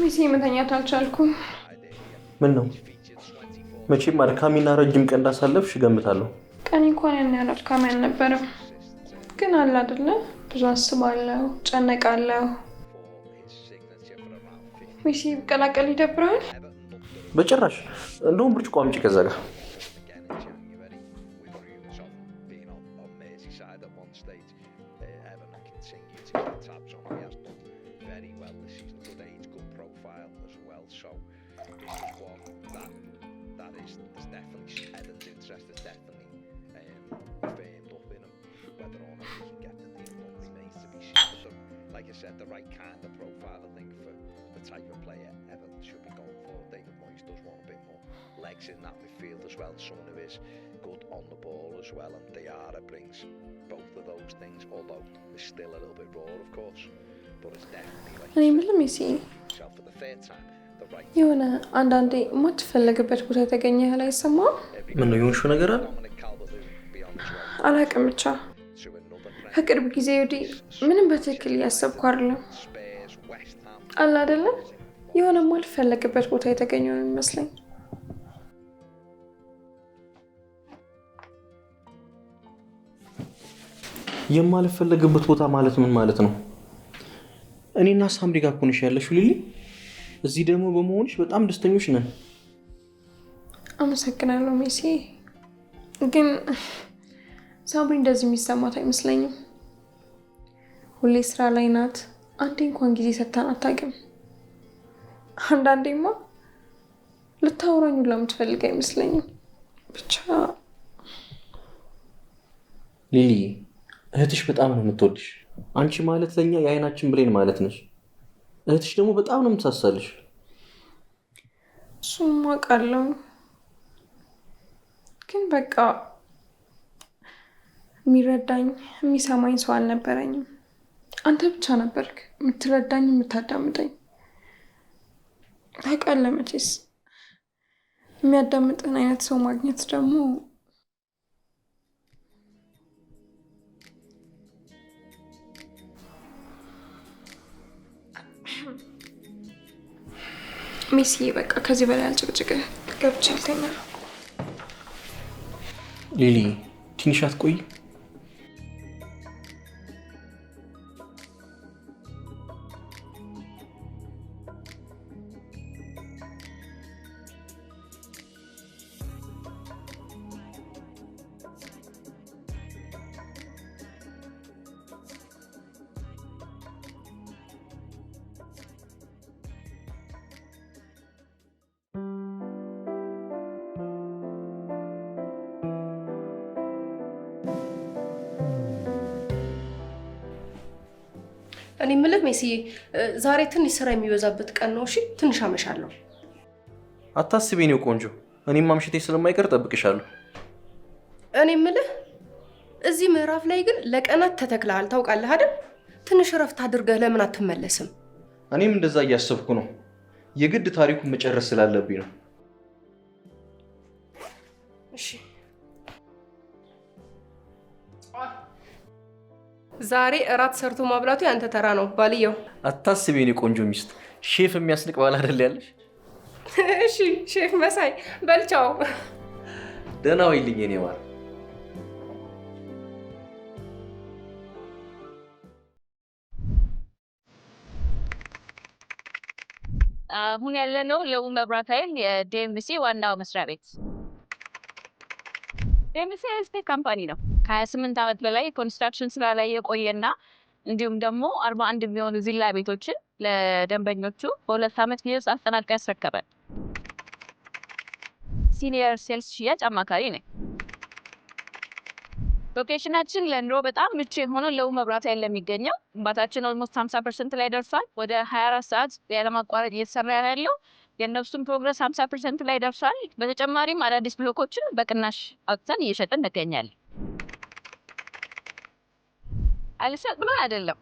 ቤት መተኛት አልቻልኩም። ምን ነው መቼም አድካሚና ረጅም ቀን እንዳሳለፍሽ እገምታለሁ። ቀን እንኳን ያን ያህል አድካሚ አልነበረም፣ ግን አለ አይደለ ብዙ አስባለሁ፣ ጨነቃለሁ። ሚሴ ብቀላቀል ይደብረዋል። በጭራሽ። እንደውም ብርጭቆ አምጪ ከዛ ጋር should be going for. David Moyes does want a bit more legs in that midfield as well. Someone who is good on the ball as well, and Diarra brings both of those things. Although it's still a little bit raw, of course, but it's definitely like. Let me see. for እኔ ምን ሚሲ የሆነ አንዳንዴ የማትፈልግበት ቦታ የተገኘ ያህል አይሰማም። ምን ነው የሆንሽው ነገር አለ አላውቅም ብቻ ከቅርብ ጊዜ ወዲህ ምንም በትክክል እያሰብኩ አይደለም። አለ አይደለም የሆነ ማልፈለግበት ቦታ የተገኘ ነው የሚመስለኝ። የማልፈለግበት ቦታ ማለት ምን ማለት ነው? እኔና ሳምሪ ጋር እኮ ነሽ ያለሽው ሊሊ። እዚህ ደግሞ በመሆንሽ በጣም ደስተኞች ነን። አመሰግናለሁ ሜሲ። ግን ሳምሪ እንደዚህ የሚሰማት አይመስለኝም። ሁሌ ስራ ላይ ናት። አንዴ እንኳን ጊዜ ሰጥታን አታውቅም። አንዳንዴማ ልታወራኝ ሁላ የምትፈልግ አይመስለኝም። ብቻ ሊሊ እህትሽ በጣም ነው የምትወድሽ። አንቺ ማለት ለኛ የአይናችን ብሌን ማለት ነሽ። እህትሽ ደግሞ በጣም ነው የምትሳሳልሽ። እሱማ አውቃለሁ፣ ግን በቃ የሚረዳኝ የሚሰማኝ ሰው አልነበረኝም። አንተ ብቻ ነበርክ የምትረዳኝ የምታዳምጠኝ። ታውቃለህ መቼስ የሚያዳምጥን አይነት ሰው ማግኘት ደግሞ ሚስዬ በቃ ከዚህ በላይ አልጭቅጭቅ ገብቻ አልተኛ ሊሊ ትንሽ አትቆይ እኔ የምልህ ሜሲ፣ ዛሬ ትንሽ ስራ የሚበዛበት ቀን ነው። እሺ ትንሽ አመሻለሁ። አታስቢ የኔ ቆንጆ፣ እኔም ማምሸቴ ስለማይቀር ጠብቅሻለሁ። እኔ የምልህ እዚህ ምዕራፍ ላይ ግን ለቀናት ተተክለሃል ታውቃለህ አይደል? ትንሽ እረፍት አድርገህ ለምን አትመለስም? እኔም እንደዛ እያሰብኩ ነው። የግድ ታሪኩን መጨረስ ስላለብኝ ነው። እሺ ዛሬ እራት ሰርቶ ማብላቱ ያንተ ተራ ነው ባልየው። አታስቢ የኔ ቆንጆ ሚስት፣ ሼፍ የሚያስንቅ ባል አይደል ያለሽ? እሺ ሼፍ መሳይ በልቻው። ደህና ዋይልኝ የኔ ማር። አሁን ያለነው ለው መብራት ኃይል የዴምሲ ዋናው መስሪያ ቤት። ዲኤምሲ የህዝብ ካምፓኒ ነው። ከ ስምንት ዓመት በላይ ኮንስትራክሽን ስራ ላይ የቆየና እንዲሁም ደግሞ አርባ አንድ የሚሆኑ ቪላ ቤቶችን ለደንበኞቹ በሁለት ዓመት ጊዜ ውስጥ አጠናቅቆ ያስረከበ ሲኒየር ሴልስ ሽያጭ አማካሪ ነኝ። ሎኬሽናችን ለኑሮ በጣም ምቹ የሆነው ለው መብራት ያለ የሚገኘው ግንባታችን ኦልሞስት ሀምሳ ፐርሰንት ላይ ደርሷል። ወደ 24 ሰዓት ያለማቋረጥ እየተሰራ ያለው የእነሱም ፕሮግረስ ሀምሳ ፐርሰንት ላይ ደርሷል። በተጨማሪም አዳዲስ ብሎኮችን በቅናሽ አውጥተን እየሸጠን እንገኛለን። አልሰጥ ብለን አይደለም።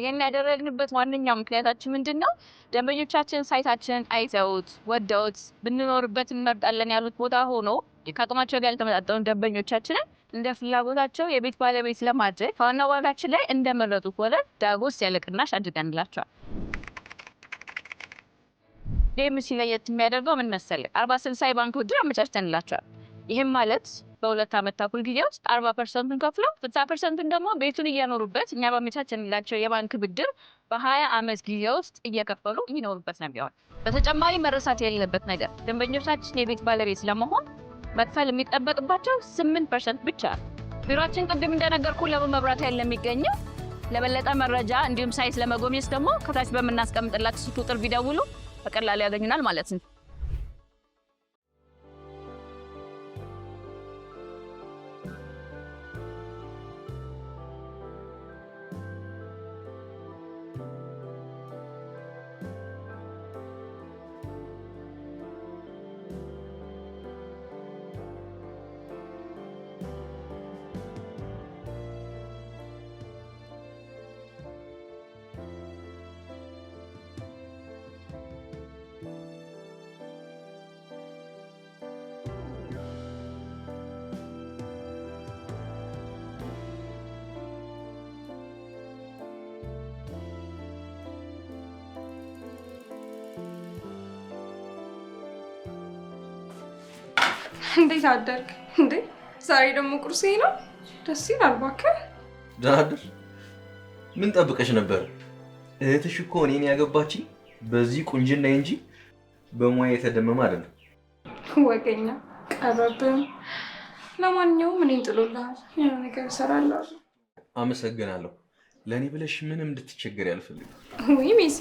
ይህን ያደረግንበት ዋነኛው ምክንያታችን ምንድን ነው? ደንበኞቻችን ሳይታችን አይተውት ወደውት ብንኖርበት እንመርጣለን ያሉት ቦታ ሆኖ ከአቅማቸው ጋር ያልተመጣጠኑ ደንበኞቻችንን እንደ ፍላጎታቸው የቤት ባለቤት ለማድረግ ከዋና ዋጋችን ላይ እንደመረጡ ወለድ ዳጎስ ያለ ቅናሽ አድርገንላቸዋል። ዴምሲ ለየት የሚያደርገው ምን መሰለህ? አርባ ስልሳ የባንክ ብድር አመቻችተንላቸዋል። ይህም ማለት በሁለት ዓመት ተኩል ጊዜ ውስጥ አርባ ፐርሰንቱን ከፍለው ስልሳ ፐርሰንቱን ደግሞ ቤቱን እየኖሩበት እኛ በመቻቸንላቸው የባንክ ብድር በሀያ አመት ጊዜ ውስጥ እየከፈሉ የሚኖሩበት ነው ቢሆን። በተጨማሪ መረሳት የሌለበት ነገር ደንበኞቻችን የቤት ባለቤት ለመሆን መክፈል የሚጠበቅባቸው ስምንት ፐርሰንት ብቻ ነው። ቢሮችን ቅድም እንደነገርኩ ለቡ መብራት ያለ የሚገኘው ለበለጠ መረጃ እንዲሁም ሳይት ለመጎብኘት ደግሞ ከታች በምናስቀምጥላችሁ ስልክ ቁጥር ቢደውሉ በቀላሉ ያገኙናል ማለት ነው። እንዴት አደርግ እንዴ? ዛሬ ደግሞ ቁርሴ ነው። ደስ ይላል። እባክህ ደህና አደር። ምን ጠብቀሽ ነበር? እህትሽ እኮ እኔን ያገባችኝ በዚህ ቁንጅና እንጂ በሙያ የተደመመ አይደለም። ወገኛ ቀረብም። ለማንኛውም እኔን ጥሎልሃል። ያ ነገር እሰራለሁ። አመሰግናለሁ። ለእኔ ብለሽ ምንም እንድትቸገር አልፈልግም። ወይ ሜሲ፣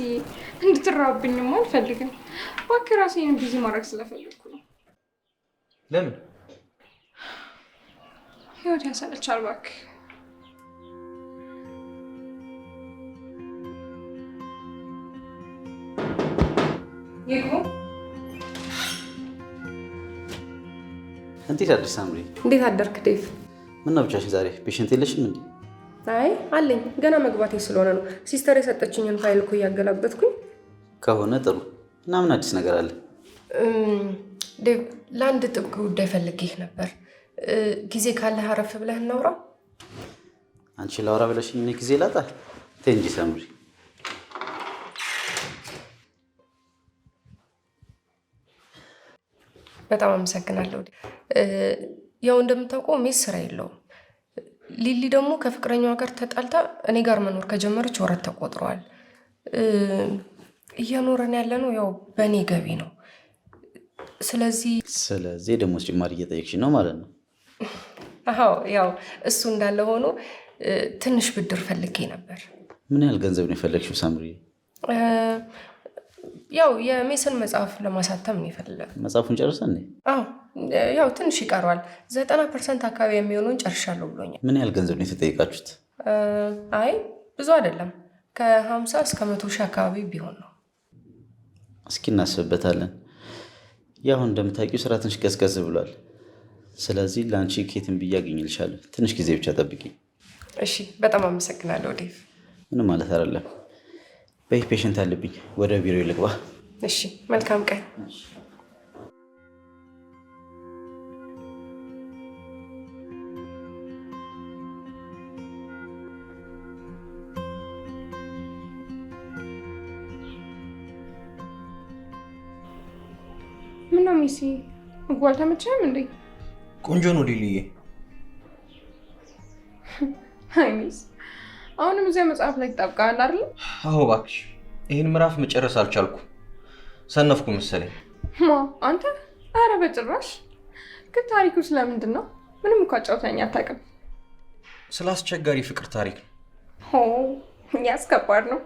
እንድትራብኝም አልፈልግም። እባክህ ራሴን ቢዚ ማድረግ ስለፈልግ ለምን ህይወት ያሰለቻል እባክህ። እንዴት አደርሽ ሳምሪ? እንዴት አደርክ ዴቭ? ምነው ብቻሽን ዛሬ? ፔሽንት የለሽም እንዴ? አይ አለኝ፣ ገና መግባቴ ስለሆነ ነው። ሲስተር የሰጠችኝን ፋይል እኮ እያገላበጥኩኝ ከሆነ ጥሩ። እና ምን አዲስ ነገር አለ? ለአንድ ጥብቅ ጉዳይ ፈልጌህ ነበር። ጊዜ ካለህ አረፍ ብለህ እናውራ። አንቺ ላውራ ብለሽ እኔ ጊዜ ላጣ ቴንጂ ሰምሪ በጣም አመሰግናለሁ። ያው እንደምታውቀው ሜስ ስራ የለውም። ሊሊ ደግሞ ከፍቅረኛዋ ጋር ተጣልታ እኔ ጋር መኖር ከጀመረች ወራት ተቆጥረዋል። እየኖረን ያለ ነው ያው በእኔ ገቢ ነው። ስለዚህ ስለዚህ ደግሞ ጭማሪ እየጠየቅሽ ነው ማለት ነው? አዎ ያው እሱ እንዳለ ሆኖ ትንሽ ብድር ፈልጌ ነበር። ምን ያህል ገንዘብ ነው የፈለግሽው ሳምሪ? ያው የሜስን መጽሐፍ ለማሳተም ነው የፈለግ። መጽሐፉን ጨርሰ? አዎ ያው ትንሽ ይቀረዋል። ዘጠና ፐርሰንት አካባቢ የሚሆነውን ጨርሻለሁ ብሎኛል። ምን ያህል ገንዘብ ነው የተጠየቃችሁት? አይ ብዙ አይደለም ከሀምሳ እስከ መቶ ሺህ አካባቢ ቢሆን ነው። እስኪ እናስብበታለን። ያሁን እንደምታውቂው ስራ ትንሽ ቀዝቀዝ ብሏል። ስለዚህ ለአንቺ ኬትን ብዬ አገኝልሻለሁ። ትንሽ ጊዜ ብቻ ጠብቂ እሺ። በጣም አመሰግናለሁ ዴቭ። ምንም ማለት አይደለም። በይ ፔሽንት አለብኝ፣ ወደ ቢሮ ይልግባ። እሺ፣ መልካም ቀን። ሚሲ ምግቡ አልተመቸህም እንዴ? ቆንጆ ነው ሊልዬ። አይ ሚስ፣ አሁንም እዚያ መጽሐፍ ላይ ትጠብቃለህ አይደል? አዎ እባክሽ፣ ይህን ምዕራፍ መጨረስ አልቻልኩ። ሰነፍኩ መሰለኝ። ማ አንተ? አረ በጭራሽ። ግን ታሪኩ ስለምንድን ነው? ምንም እኮ አጫውተኸኝ አታውቅም። ስለ አስቸጋሪ ፍቅር ታሪክ ነው። ያስከባድ ነው።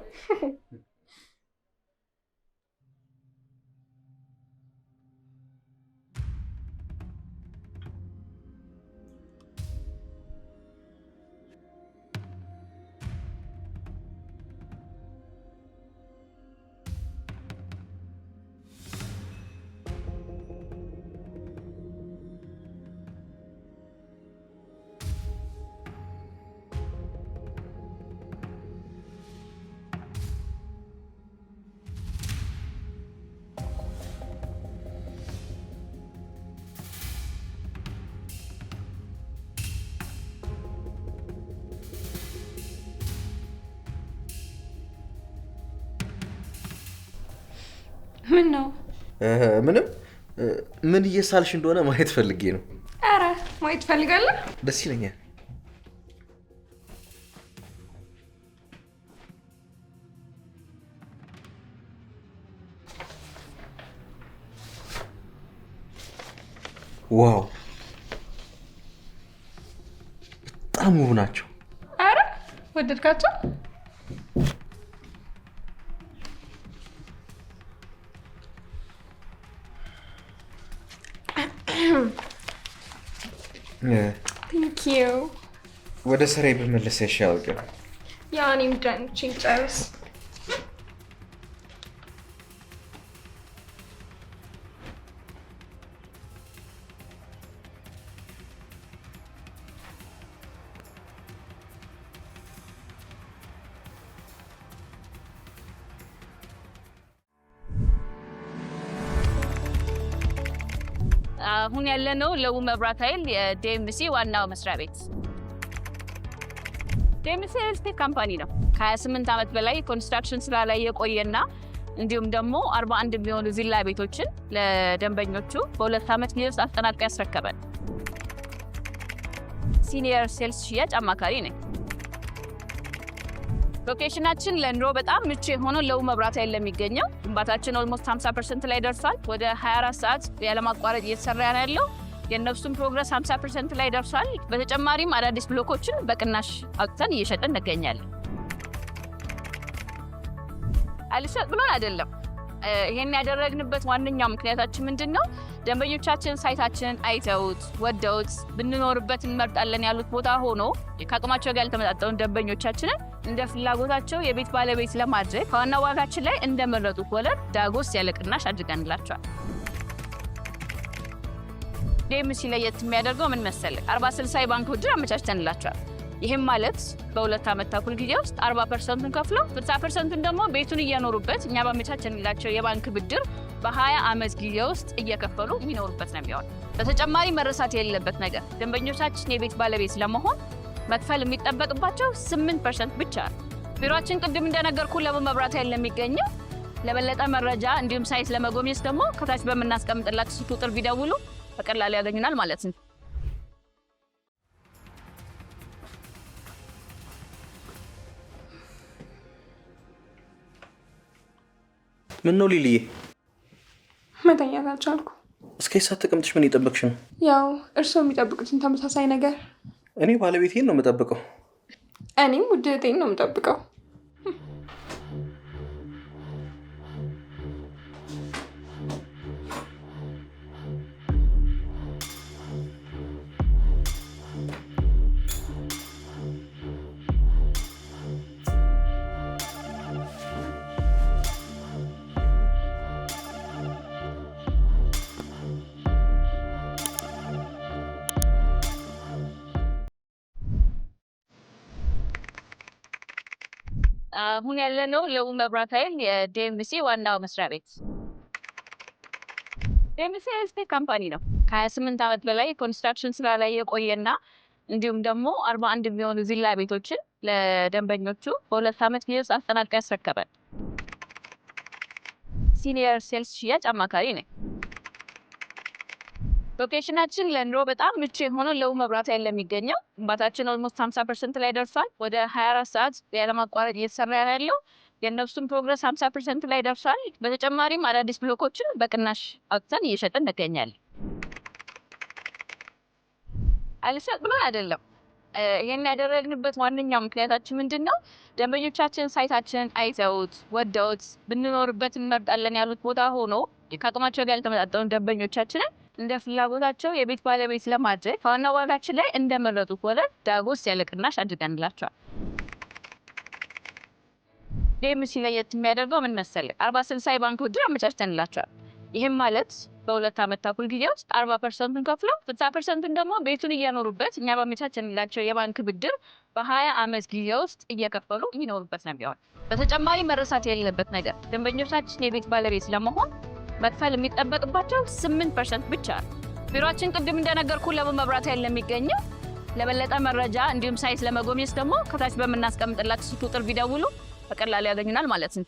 ምን ነው? ምንም። ምን እየሳልሽ እንደሆነ ማየት ፈልጌ ነው። ኧረ ማየት ፈልጋለህ? ደስ ይለኛል። ዋው በጣም ውብ ናቸው። አረ ወደድካቸው? ወደ ስራ በመለሰ ይሻል ግን ያኔም ዳንቺን ጨርስ አሁን ያለነው ለቡ መብራት ኃይል ዴምሲ ዋናው መስሪያ ቤት ዴምሲ ሄልስቴክ ካምፓኒ ነው። ከ28 ዓመት በላይ ኮንስትራክሽን ስራ ላይ የቆየና እንዲሁም ደግሞ 41 የሚሆኑ ቪላ ቤቶችን ለደንበኞቹ በሁለት ዓመት ጊዜ ውስጥ አጠናቅቆ ያስረከበን ሲኒየር ሴልስ ሽያጭ አማካሪ ነኝ። ሎኬሽናችን ለኑሮ በጣም ምቹ የሆነው ለው መብራት ላይ ለሚገኘው ግንባታችን ኦልሞስት 50 ፐርሰንት ላይ ደርሷል። ወደ 24 ሰዓት ያለማቋረጥ እየተሰራ ያለው የእነሱም ፕሮግረስ 50 ፐርሰንት ላይ ደርሷል። በተጨማሪም አዳዲስ ብሎኮችን በቅናሽ አውጥተን እየሸጠን እንገኛለን። አልሸጥ ብሎን አይደለም። ይሄን ያደረግንበት ዋነኛው ምክንያታችን ምንድን ነው? ደንበኞቻችን ሳይታችንን አይተውት ወደውት ብንኖርበት እንመርጣለን ያሉት ቦታ ሆኖ ከአቅማቸው ጋር ያልተመጣጠኑ ደንበኞቻችንን እንደ ፍላጎታቸው የቤት ባለቤት ለማድረግ ከዋና ዋጋችን ላይ እንደመረጡ ወለድ ዳጎስ ያለ ቅናሽ አድርገንላቸዋል። ዴምሲ ለየት የሚያደርገው ምን መሰለ 40 60 የባንክ ብድር አመቻችተንላቸዋል። ይህም ማለት በሁለት ዓመት ተኩል ጊዜ ውስጥ 40 ፐርሰንቱን ከፍለው 60 ፐርሰንቱን ደግሞ ቤቱን እየኖሩበት እኛ ባመቻቸንላቸው የባንክ ብድር በ20 ዓመት ጊዜ ውስጥ እየከፈሉ የሚኖሩበት ነው የሚሆን። በተጨማሪ መረሳት የሌለበት ነገር ደንበኞቻችን የቤት ባለቤት ለመሆን መክፈል የሚጠበቅባቸው 8 ፐርሰንት ብቻ ነው። ቢሮችን ቅድም እንደነገርኩ ለቡ መብራት ኃይል የሚገኘው ለበለጠ መረጃ እንዲሁም ሳይት ለመጎብኘት ደግሞ ከታች በምናስቀምጥላት ስልክ ቁጥር ቢደውሉ በቀላሉ ያገኙናል ማለት ነው። ምን ነው ሊልዬ፣ መተኛት አልቻልኩ። እስከ ሰዓት ተቀምጥሽ ምን እየጠበቅሽ ነው? ያው እርስዎ የሚጠብቁትን ተመሳሳይ ነገር እኔ ባለቤቴን ነው የምጠብቀው። እኔም ውደቴን ነው የምጠብቀው። አሁን ያለነው ለቡ መብራት ኃይል የዲኤምሲ ዋናው መስሪያ ቤት ዴምሲ ስቴት ካምፓኒ ነው። ከ28 ዓመት በላይ ኮንስትራክሽን ስራ ላይ የቆየና እንዲሁም ደግሞ አንድ የሚሆኑ ቪላ ቤቶችን ለደንበኞቹ በሁለት ዓመት ጊዜ ውስጥ አጠናቅቆ ያስረከበ ሲኒየር ሴልስ ሽያጭ አማካሪ ነኝ። ሎኬሽናችን ለኑሮ በጣም ምቹ የሆነ ለው መብራት ላይ ለሚገኘው ግንባታችን ኦልሞስት ሀምሳ ፐርሰንት ላይ ደርሷል። ወደ ሀያ አራት ሰዓት ያለማቋረጥ እየተሰራ ያለው የእነሱም ፕሮግረስ ሀምሳ ፐርሰንት ላይ ደርሷል። በተጨማሪም አዳዲስ ብሎኮችን በቅናሽ አውጥተን እየሸጠን እንገኛለን። አልሰጥ ብሎ አይደለም ይህን ያደረግንበት ዋነኛው ምክንያታችን ምንድን ነው? ደንበኞቻችን ሳይታችንን አይተውት ወደውት ብንኖርበት እንመርጣለን ያሉት ቦታ ሆኖ ከአቅማቸው ጋር ያልተመጣጠኑ ደንበኞቻችንን እንደ ፍላጎታቸው የቤት ባለቤት ለማድረግ ከዋና ዋጋችን ላይ እንደመረጡ ከሆነ ዳጎስ ያለ ቅናሽ አድርገንላቸዋል። ዴምሲ ለየት የሚያደርገው ምን አርባ ስልሳ የባንክ ብድር አመቻችተንላቸዋል። ይህም ማለት በሁለት ዓመት ተኩል ጊዜ ውስጥ አርባ ፐርሰንቱን ከፍለው ስልሳ ፐርሰንቱን ደግሞ ቤቱን እያኖሩበት እኛ ባመቻቸንላቸው የባንክ ብድር በሀያ ዓመት ጊዜ ውስጥ እየከፈሉ የሚኖሩበት ነው የሚሆን። በተጨማሪ መረሳት የሌለበት ነገር ደንበኞቻችን የቤት ባለቤት ለመሆን መክፈል የሚጠበቅባቸው 8% ብቻ ነው። ቢሮአችን ቅድም እንደነገርኩ ለመብራት መብራት ያለ የሚገኘው ለበለጠ መረጃ እንዲሁም ሳይት ለመጎብኘት ደግሞ ከታች በምናስቀምጥላችሁ ስልክ ቁጥር ቢደውሉ በቀላሉ ያገኙናል ማለት ነው።